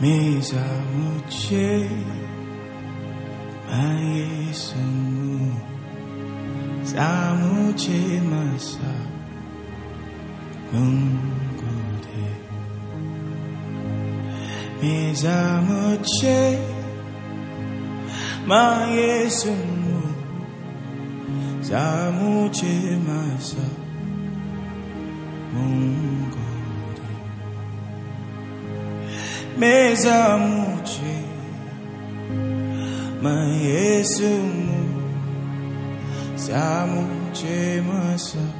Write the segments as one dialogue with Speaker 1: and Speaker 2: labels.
Speaker 1: mes amitiés, maillé sunu, zamuche masa, mungude. Mes amitiés, maillé sunu, zamuche masa, mungude. mes amours, ma yesu mu, sa mu che ma sa.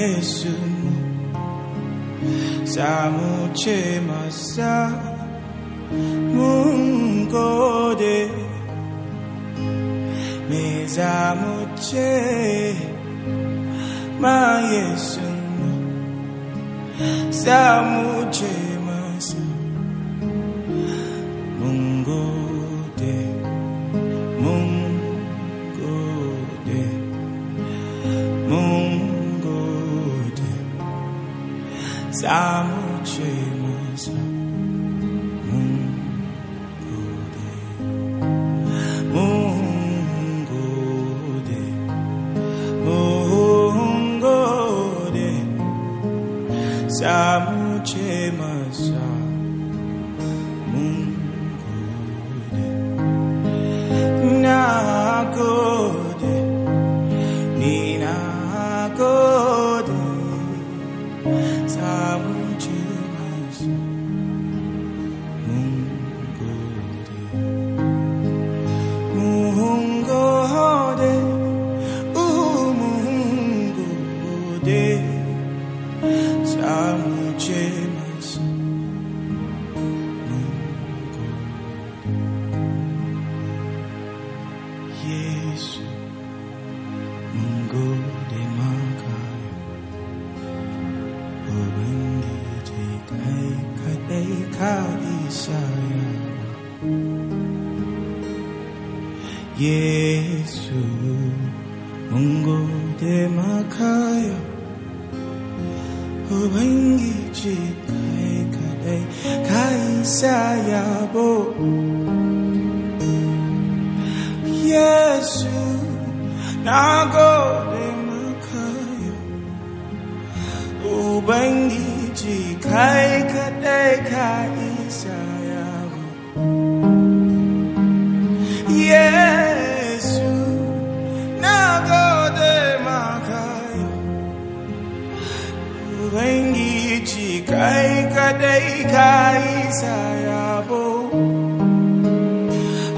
Speaker 1: 예수님 사무치 마사 문고대 미사무치 마 예수님 사무치 마사 문고대 문고대 문고대 a James. 예수 문고대 마카요 우행기지 가이가데 가이사야보 예수 나고대 마카요 우행기지 가이가데 가이 ubangiji kai kadai ka isa yabo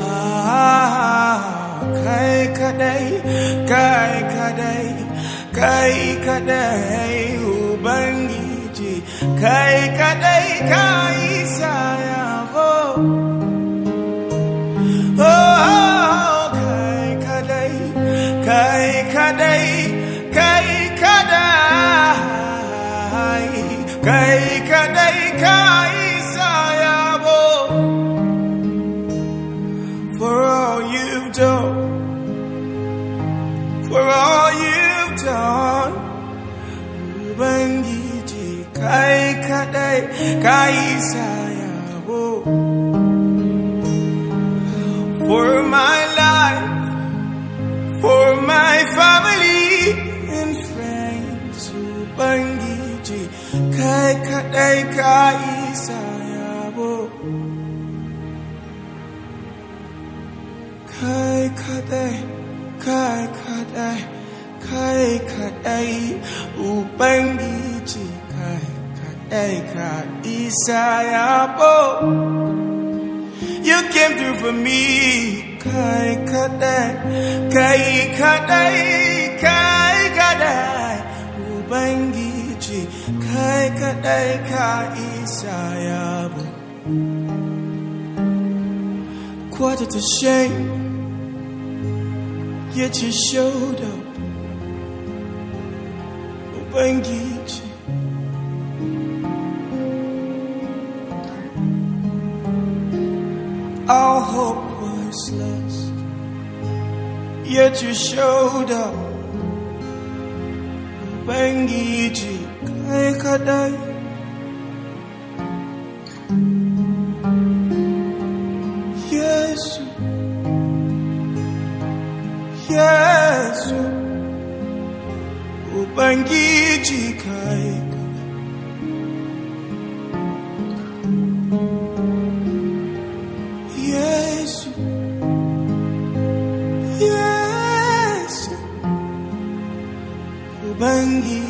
Speaker 1: ah, kai kadai kai kadai kai kadai ubangiji kai kadai ka isa yabo Deka Isayabo Kai Kadai Kai Kadai Kai Kadai Ubangiji Kai Kadai Kai Isayabo You came through for me Kai kade, Kai kade. kaɗai ka isa yabo kwata ta shai ya showed up ubangiji our hope was lost yet you showed up ubangiji kadai Yesu ubangi ubangiji kai Yesu Yesu ubangiji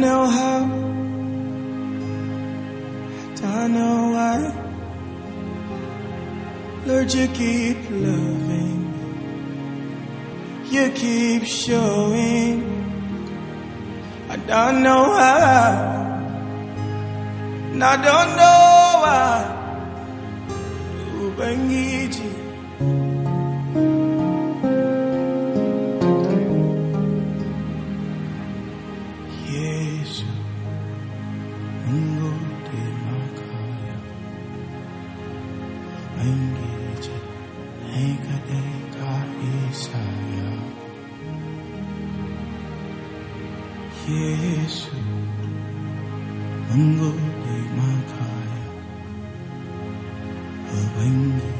Speaker 1: know how? Don't know why. Lord, you keep loving. You keep showing. I don't know how. And I don't know why. Ubangiji. Yeshua, ungodi makaya, ubengi.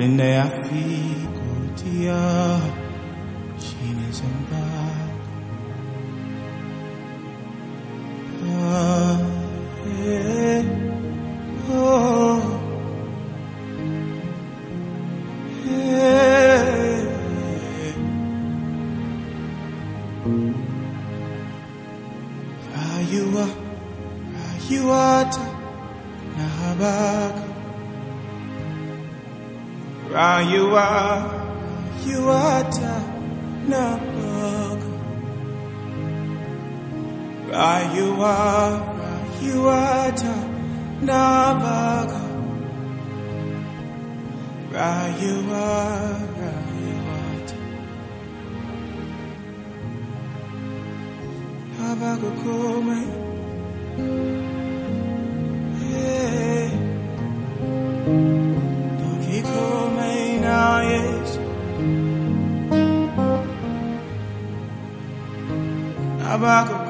Speaker 1: Bende afiko tia Shine samba Nava, Yuata, Navaga. Rayuwa, Rayuata. Navaga Kome. Hey. Noki Kome now, yes. Navaga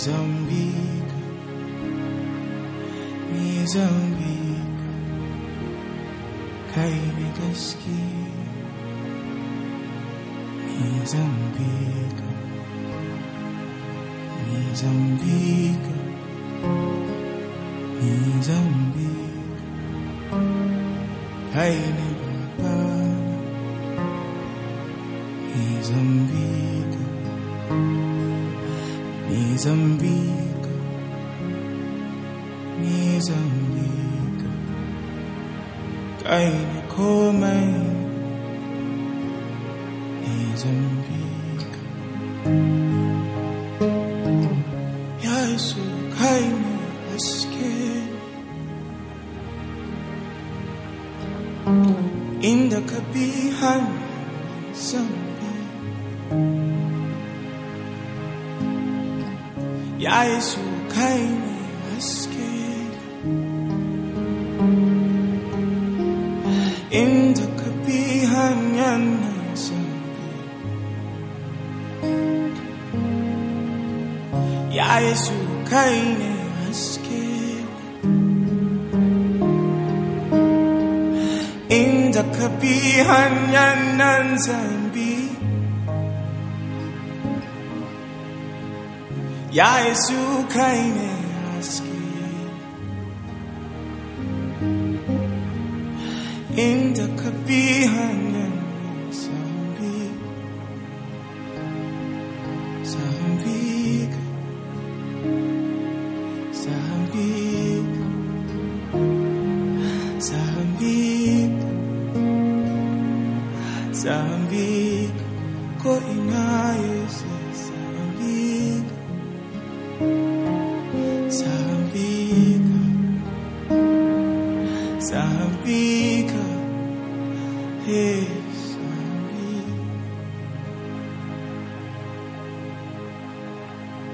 Speaker 1: Mozambique, Mozambique, kaine gaskiya. Mozambique, Mozambique, Mozambique, kaine babana. Mozambique. Mozambique, Mozambique, kaina komai, Mozambique, Yesu kaina asken, inda kabihan Mozambique. ya Yesu kaine asker inda kabihan yan sabi ya Yesu kaine asker inda kabihan yan sabi Ja Jesu keine Aski in the Kabihan.